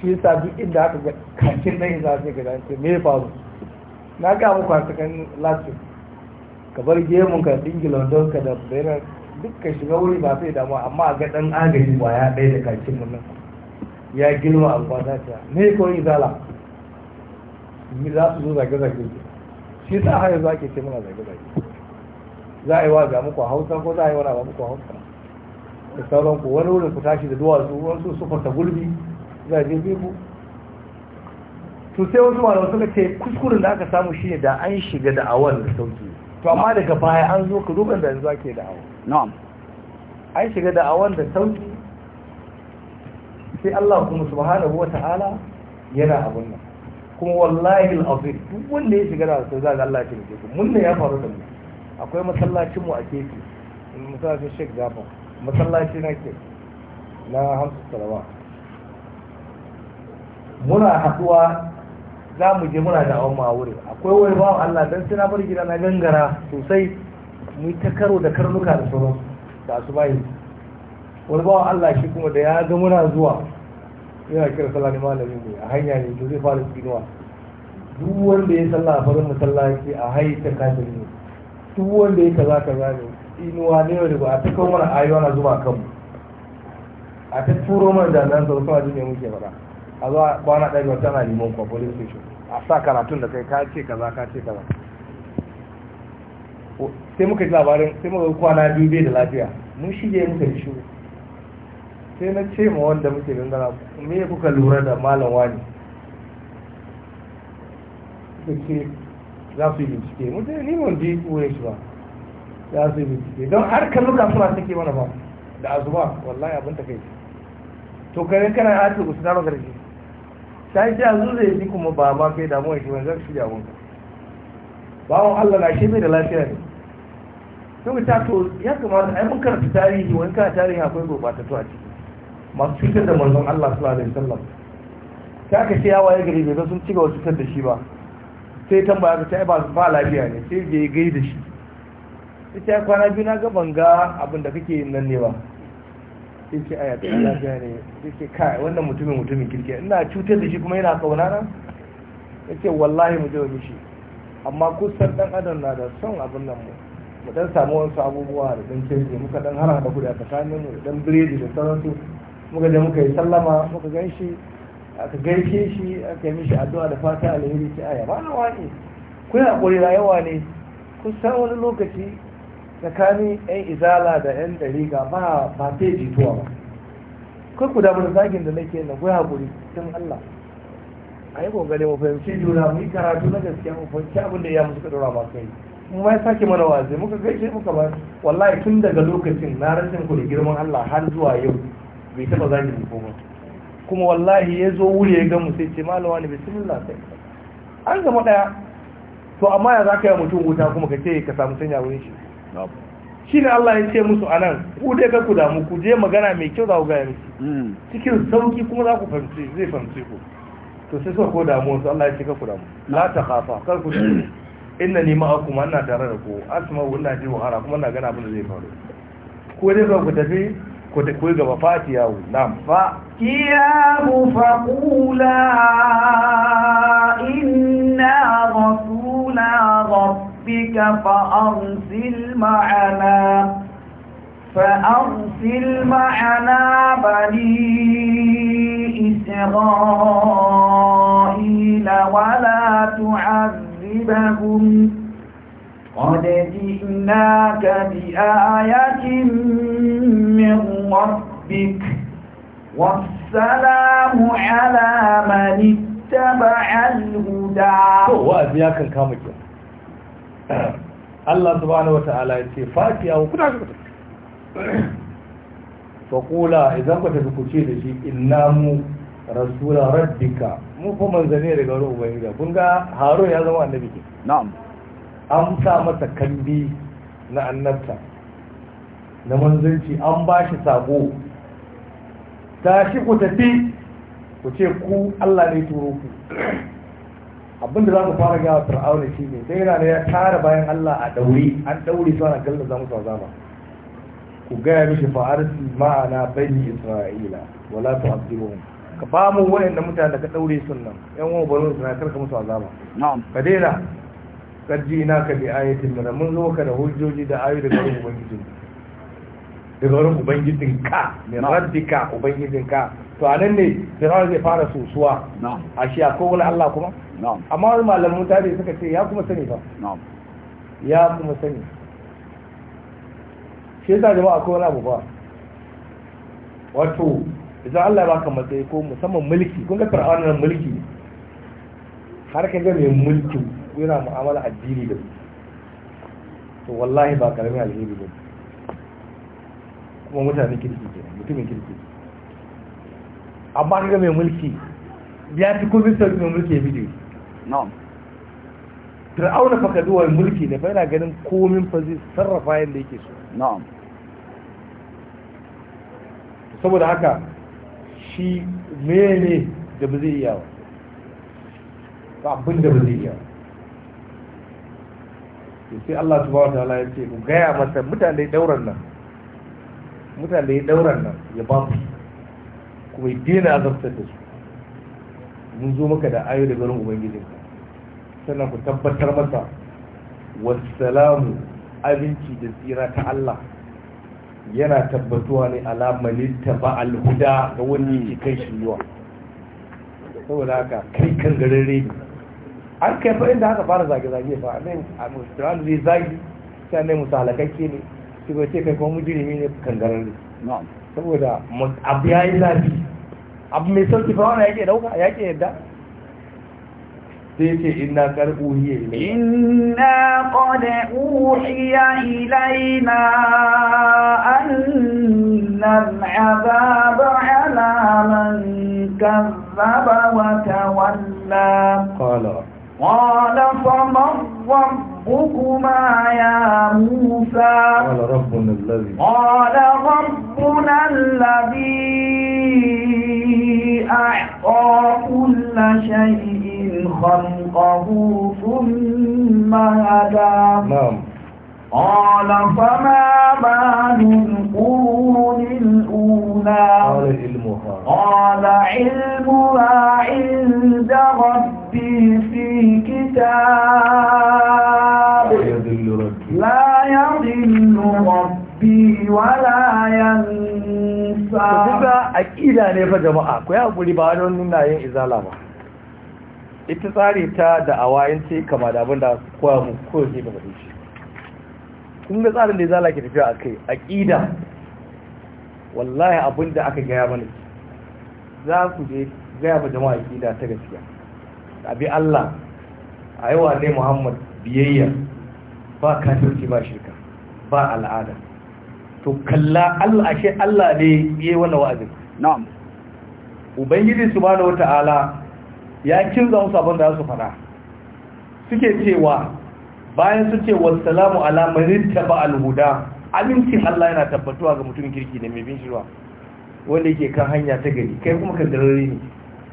shi sa duk inda aka ga kakin nan ya zafi ga dan ce me ya faru na ga muku a cikin last ka bar gemun ka dingila don ka da bayan dukkan shiga wuri ba sai damuwa amma a ga dan agaji ba ya ɗaya da kakin nan ya girma alfada ta me ko izala za su zo zage zage shi sa har yanzu ake ce muna zage zage za a yi wa ga muku hausa ko za a yi wani ba muku hausa da sauran ku wani wurin ku tashi da duwatsu wasu su fasa gurbi za a je ku. to sai wasu wasu suka ce kuskuren da aka samu shine da an shiga da awon da sauki to amma daga baya an zo ka duban da yanzu ake da awon na'am an shiga da awon da sauki sai Allah kuma subhanahu wata'ala yana abun nan kuma wallahi al'azim duk wanda ya shiga da wasu, za ga Allah ya taimake ku mun ne ya faru da mu akwai masallacin mu a keke masallacin Sheikh Jafar masallaci na ke na Hamsu Salawa muna haɗuwa za mu je muna da a wuri. akwai wani bawan Allah dan sai na bar gida na gangara sosai mu ta karo da karnuka da sauransu da su bayi wani bawan Allah shi kuma da ya ga muna zuwa yana kira sallah ne malami ne a hanya ne to zai fara tsinuwa duk wanda ya sallah a farin masallaci a ta kafin ne duk wanda ya kaza kaza ne tsinuwa ne da ba a ta kawo mana ayyuwa na zuba kanmu a ta turo mana da nan sau sama jini muke faɗa a zuwa kwana ɗaya wata na limon kwa police station a sa karatun da kai ka ce kaza ka ce kaza sai muka ji labarin sai muka kwana biyu bai da lafiya mun shige muka yi shiru sai na ce ma wanda muke dangana me kuka lura da malam wani da ke za su yi bincike ne ni mun ji wurin shi ba za su yi bincike don har kalluka suna take mana ba da azuba wallahi abin ta kai to kare kana ya ake gusu taro shi sai ji azu zai ji kuma ba ma kai damuwa shi wani zan shirya ba bawon allah na shi bai da lafiya ne sai ta to ya kamata ai mun karanta tarihi wani ka tarihi akwai to a ciki masu cutar da manzon Allah sallallahu alaihi wasallam sai aka ce ya gari bai san sun ci gaba cutar da shi ba sai tambaya ka ta ba ba lafiya ne sai je gai da shi ita ya kwana biyu na ga banga abin da kake yin nan ne ba sai ce aya ta lafiya ne sai ce kai wannan mutumin mutumin kirki ina cutar da shi kuma yana kauna na yace wallahi mu je mu shi amma kusan dan adam na da son abin nan mu mu dan samu wasu abubuwa da dan kirki muka dan da kuɗi a tsakanin mu da dan biredi da sauransu muka je muka yi sallama muka gan shi aka gaishe shi aka yi mishi addu'a da fata alheri ta aya ba nawa wani. ku yi haƙuri yawa ne san wani lokaci tsakanin yan izala da yan ɗariga ba ba ta jituwa ba kai ku damar zagin da nake na ku yi haƙuri tun Allah a yi ƙoƙari mu fahimci juna mu yi karatu na gaskiya mu fahimci abin da ya musu suka dora ba kai mu ma sake mana wazi muka gaishe muka ba wallahi tun daga lokacin na rashin ku da girman Allah har zuwa yau bai taba zagi mu ko kuma wallahi ya zo wuri ya ga mu sai ce malama ne bismillah sai an gama daya to amma ya zaka yi mutum wuta kuma ka ce ka samu sanya wurin shi shi ne Allah ya ce musu anan ku dai ka ku damu ku je magana mai kyau za ku gaya miki mm. cikin sauki kuma za ku fahimci zai fahimci ku to sai suka ko damu su Allah ya ce ka ku damu la ta khafa kar ku damu inna ni ma'akum ina tare da ku asma wa ina ji wahara kuma ina gana abin da zai faru ko dai ku tafi كويغا فاتياه نعم فاتياه فقولا إنا رسولا ربك فأرسل معنا فأرسل معنا بني إسرائيل ولا تعذبهم قد جئناك بآيات من ربك والسلام على من اتبع الهدى وأبي ياكل كامك الله سبحانه وتعالى يتي فاكهة وكنا فقولا إذا كنت تكتشير شيء إنام رسول ربك مو فمن زنير قالوا بيجا كنت هارو يا زمان نبيك نعم an sa masa kambi na annabta na manzanci an ba shi ta tashi ku tafi ku ce ku Allah ne turo ku abinda za ku fara gawa fir'auna shi ne sai yana ya tara bayan Allah a daure an daure su ana galla za mu sa zama ku gaya mishi fa'arsi ma'ana bani isra'ila wala tu'adhibuhum ka ba mu da mutane da ka daure nan yan uwan banu su na karka musu azaba na'am ka daina karji ina ka bi ayatin mana mun zo ka da hujjoji da ayu daga wurin ubangijin daga wurin ubangijin ka min rabbika ubangijin ka to anan ne fir'aun zai fara sosuwa a shi a kowane Allah kuma amma wani malamin tare suka ce ya kuma sani fa ya kuma sani shi yasa jama'a kowane abu ba wato idan Allah ya baka matsayi ko musamman mulki kun ga fir'aun mulki har ka ga mai mulkin yana mu'amala addini da su to wallahi ba karamin alheri ba kuma mutane kirki ke mutumin kirki amma ga mai mulki ya fi kuma sauri mai mulki ya bidiyo na'am fir'auna fa kaduwa mulki da fa yana ganin komin fa zai sarrafa yadda yake so na'am saboda haka shi mene da ba zai iya ba abin da ba zai iya ba sai Allah subhanahu wataala ya ce ku gaya masa mutane dauran nan mutane dauran nan ya ba mu kuma dina azabtar da su mun zo maka da ayo da garin ubangijin sannan ku tabbatar masa wasalamu abinci da tsira ta Allah yana tabbatuwa ne ta ba alhuda ga wani kai shi yiwa saboda haka kai kan garare ne an kai fa inda aka fara zage-zage fa nan a musulman zai zagi sai ne musu ne su bai ce kai kuma mujirimi ne kangarar ne saboda abu ya yi zafi abu mai sauki fa wani yake dauka yake yadda sai ce ina kar uhiye ne ina kone uhiya ilaina annan azaba ala man kazzaba wa tawalla qala قال فمن ربكما يا موسى قال ربنا الذي قال ربنا الذي أعطى كل شيء خلقه ثم هدى نعم قال فما بال القرون الأولى قال علمها قال علمها عند ربي في كتاب لا يضل ربي ولا ينسى kuka akida ne fa jama'a ku ya guri ba don nuna yin izala ba ita tsari ta da awayin ce kama da abin da kowa mu ko ji ba kun ga tsarin da ya zala ke tafiya a kai a ƙida. wallahi abin da aka gaya mana za ku je gaya ba jama'a ƙida ta gaskiya abi Allah a yawa ne Muhammad biyayya ba kafirci ba shirka ba al'ada to kalla Allah ashe Allah ne yi wannan wa'azin na'am ubangiji subhanahu wata'ala ya kinza musu abin da za su fara suke cewa bayan su ce wassalamu ala manin taba alhuda amincin Allah yana tabbatuwa ga mutum kirki ne mai bin shirwa wanda yake kan hanya ta gari kai kuma kan darare ne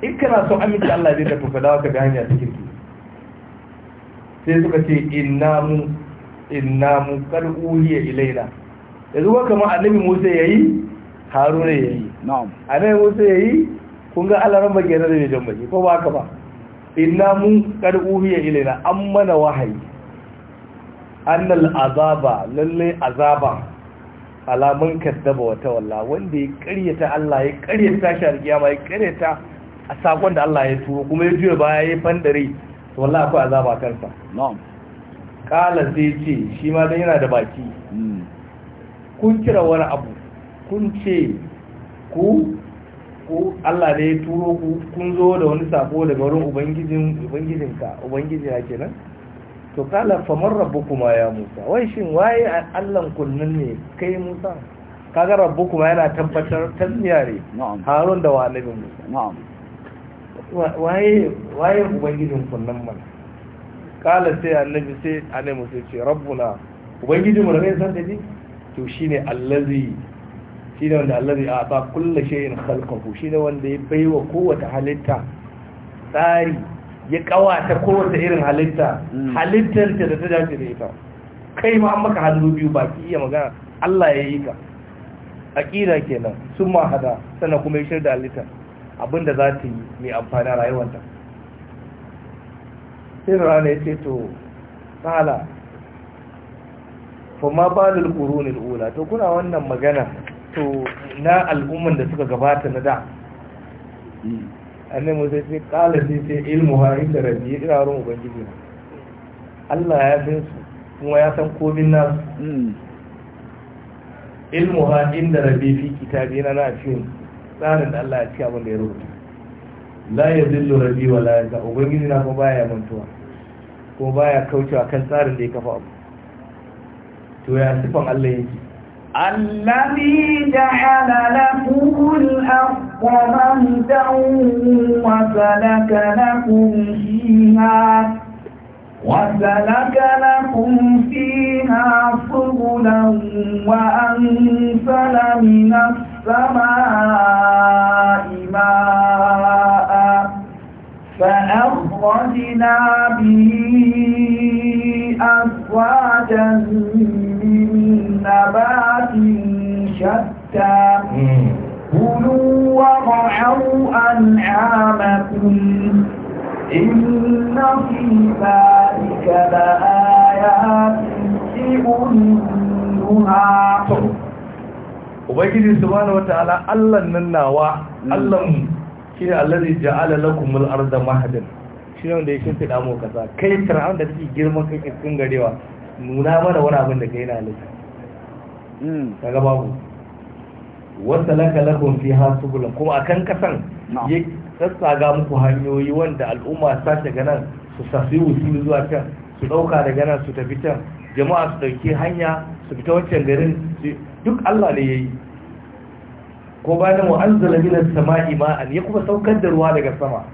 in kana so amincin Allah zai tafi to ka dawo ka hanya ta kirki sai suka ce inna mu inna mu qad uhiya ilaina yanzu ba kamar annabi Musa yayi Haruna yayi na'am annabi Musa yayi kun ga Allah ran bagere da bai jan ko ba haka ba inna mu qad uhiya ilaina an mana wahayi annal azaba lalle azaba alamun kaddaba wata walla wanda ya ƙaryata Allah ya ƙaryata shi ma ya ƙaryata a sakon da Allah ya turo kuma ya juya baya ya fandare to walla akwai azaba kansa na'am kala sai ce shi ma dan yana da baki hmm. kun kira wani abu kun ce ku ku Allah ne ya turo ku kun zo da wani sako daga wurin ubangijin ubangijinka ya kenan to kala famar rabbukuma ya musa wai shin waye allan kunnin ne kai musa kaga rabbukuma yana tabbatar tasmiya ne harun da wa annabi musa waye waye ubangijin kunnin mana kala sai annabi sai annabi musa ce rabbuna ubangijin mu da kai san da ni to shine allazi shine wanda allazi a ba kullu shay'in khalqahu shine wanda ya baiwa kowace halitta tsari ya kawata kowace irin halitta mm. halittar ta da ta dace da ita kai ma an maka hannu biyu baki iya magana Allah ya yi ka aqida kenan sun ma hada sannan kuma ya shirda halitta abinda za ta yi mai amfani a rayuwarta sai da rana ya ce to tsala kuma balul qurunil ula to kuna wannan magana to na al'umman da suka gabata na da mm. annabi musa ce kala sai ce ilmu ha inda rabbi ina wurin ubangiji na Allah ya san su kuma ya san komin na hmm. ilmu ha inda rabbi fi kitabi na na cikin tsarin da Allah ya ci abin da ya rubuta la ya zillu rabbi wa la ya ubangiji na kuma baya mantuwa kuma baya kaucewa kan tsarin da ya kafa abu to ya sifan Allah yake الذي جعل لكم الأرض مهدا وسلك لكم فيها وسلك لكم فيها سبلا وأنزل من السماء ماء فأخرجنا به أزواجا نبات شتى كلوا وارعوا أنعامكم إن في ذلك لآيات لأولنها Ubangiji subhanahu wataala Allah nan nawa Allah shine allazi ja'ala al-ardha mahdan shine wanda ya shimfida mu kasa kai tarawan da kake girman kai kin garewa nuna mana wani abin da kai na halitta Hmm. kaga babu wasa laka lakum fiha subula kuma akan kasan ya sassaga muku hanyoyi wanda al'umma ta shiga nan su safi wusuli zuwa can su dauka daga nan su tafi can jama'a su dauki hanya su fita wancan garin duk Allah ne yayi ko bayan wa anzala minas sama'i ma'an ya kuma saukar da ruwa daga sama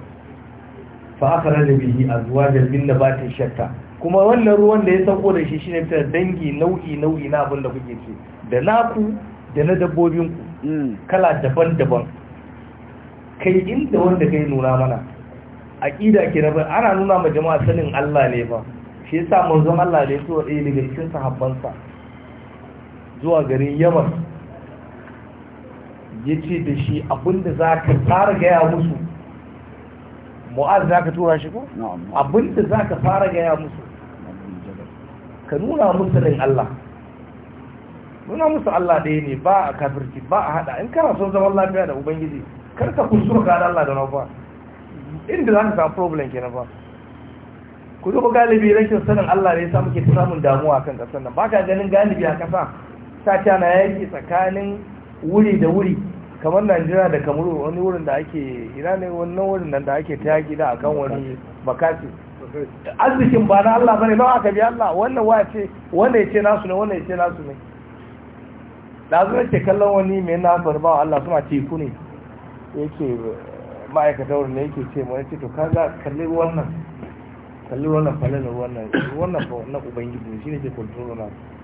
fa da bihi azwajan min ta shatta kuma wannan ruwan da ya sauko da shi shine fitar dangi nau'i nau'i na abin da kuke ce da naku da na dabbobin ku mm. kala daban-daban kai inda wanda kai nuna mana aqida ke rabar ana nuna ma jama'a sanin Allah ne fa shi yasa manzon Allah ne so ɗaya daga cikin sahabbansa zuwa garin Yaman yace da shi abinda zaka tsara gaya musu mu'az za ka tura shi ko abinda za ka fara gaya musu ka nuna musu ɗin Allah nuna musu Allah ɗaya ne ba a kafirci ba a haɗa in kana son zaman lafiya da ubangiji kar ka kusur ka da Allah da na ba inda za ka samu problem ke na ba ku duba galibi rashin sanin Allah ne samu ke samun damuwa kan ƙasar nan ba ka ganin galibi a ƙasa sa na yaki tsakanin wuri da wuri kamar najeriya da kamaru wani wurin da ake ina ne wannan wurin da ake ta yaki da akan wani bakati arzikin ba na Allah bane nawa aka bi Allah wannan waya ce wannan ya ce nasu ne wannan ya ce nasu ne da zuwa ke kallon wani mai na farba Allah suna teku ne yake ma'aikata wurin ne yake ce mai ce to kaga kalli wannan kalli wannan falalar wannan wannan na ubangiji ne shine ke control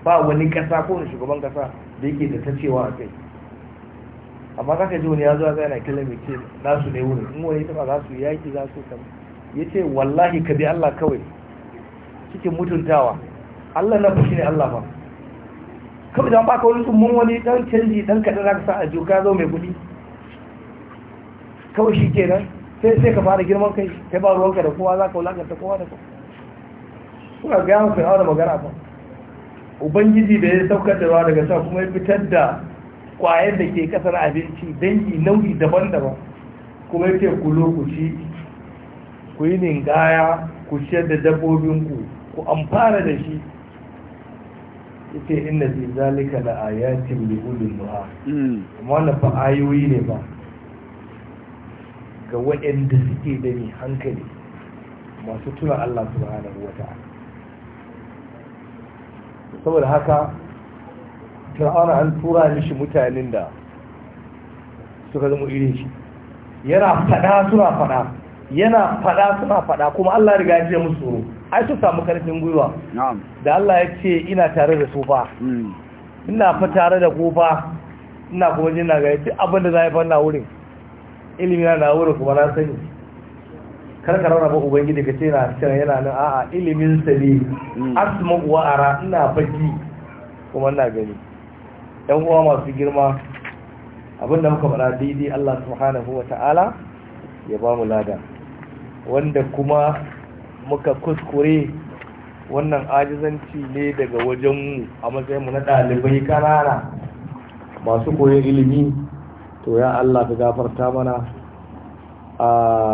ba wani kasa ko wani shugaban kasa da yake da ta cewa a kai amma kaka ji wani ya zuwa zai na kila mai ce su ne wuri in wani taba za su yaki za su kama ya ce wallahi ka bi Allah kawai cikin mutuntawa Allah na fushi ne Allah ba kawai don baka wani mun wani dan canji dan kaɗan za ka sa a joka zo mai kuɗi kawai shi kenan sai sai ka fara girman kai kai ba ruwanka da kowa za ka wulakanta kowa da kowa suna gaya mafi da magana ba ubangiji da ya saukar da ruwa daga sa kuma ya fitar da kwayar da ke kasar abinci dangi nauyi daban-daban kuma yake ku lokaci ku yi ningaya ku ciyar da dabbobinku ku amfana da shi ita inda fi zalika da ayatin da nuha hmm. amma fa ayoyi ne ba ga waɗanda suke da ne hankali masu tuna Allah subhanahu wa ta'ala saboda haka fir'auna an tura mishi mutanen da suka zama irin shi yana fada suna fada yana fada suna fada kuma Allah riga ya musu tsoro ai su samu karfin gwiwa da Allah ya ce ina tare da su fa hmm. ina fa tare da ku fa ina kuma jin na ga yace abin da zai fanna wurin ilimi na wurin kuma na sani kar ka rauna ba ubangiji ka ce na cewa yana nan a'a ilimin sa ne hmm. asma wa ara ina baki kuma ina gani yan uwa masu girma abinda muka faɗa daidai Allah subhanahu ta'ala ya ba mu lada wanda kuma muka kuskure wannan ajizanci ne daga wajen wajenmu a matsayinmu na ɗalibai kanana masu koyon ilimi to ya Allah ka gafarta mana a ah,